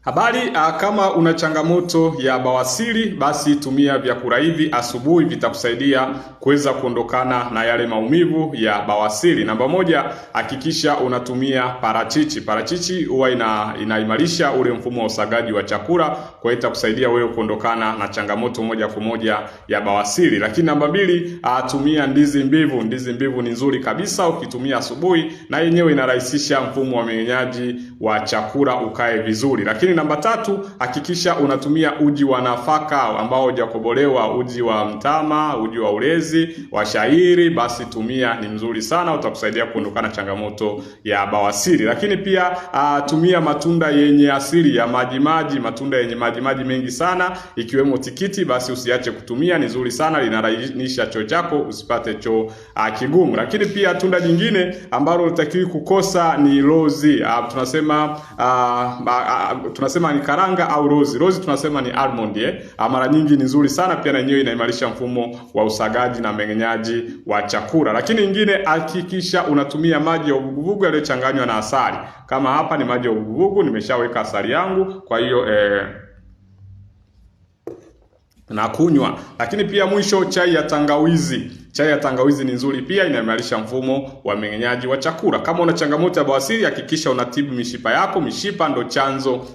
Habari, ah, kama una changamoto ya bawasiri, basi tumia vyakula hivi asubuhi, vitakusaidia kuweza kuondokana na yale maumivu ya bawasiri. Namba moja, hakikisha unatumia parachichi. Parachichi huwa ina, inaimarisha ule mfumo wa usagaji wa chakula, kwa hiyo itakusaidia wewe kuondokana na changamoto moja kwa moja ya bawasiri. Lakini namba mbili, ah, tumia ndizi mbivu. Ndizi mbivu ni nzuri kabisa, ukitumia asubuhi na yenyewe inarahisisha mfumo wa mmeng'enyaji wa chakula ukae vizuri. Lakini namba tatu, hakikisha unatumia uji wa nafaka ambao hujakobolewa, uji wa mtama, uji wa ulezi, wa shairi, basi tumia, ni mzuri sana, utakusaidia kuondokana changamoto ya bawasiri. Lakini pia uh, tumia matunda yenye asili ya majimaji, matunda yenye majimaji mengi sana ikiwemo tikiti, basi usiache kutumia, ni nzuri sana, linarahisisha choo chako usipate choo uh, kigumu. Lakini pia tunda jingine ambalo utakiwi kukosa ni lozi. Uh, tunasema uh, uh, tunasema ni karanga au rozi. Rozi tunasema ni almond eh. Ah, mara nyingi ni nzuri sana pia, na yenyewe inaimarisha mfumo wa usagaji na mmeng'enyaji wa chakula. Lakini nyingine, hakikisha unatumia maji ya uvuguvugu yaliyochanganywa na asali. Kama hapa ni maji ya uvuguvugu, nimeshaweka asali yangu, kwa hiyo eh, na kunywa. Lakini pia mwisho, chai ya tangawizi. Chai ya tangawizi ni nzuri pia, inaimarisha mfumo wa mmeng'enyaji wa chakula. Kama una changamoto ya bawasiri, hakikisha unatibu mishipa yako. Mishipa ndo chanzo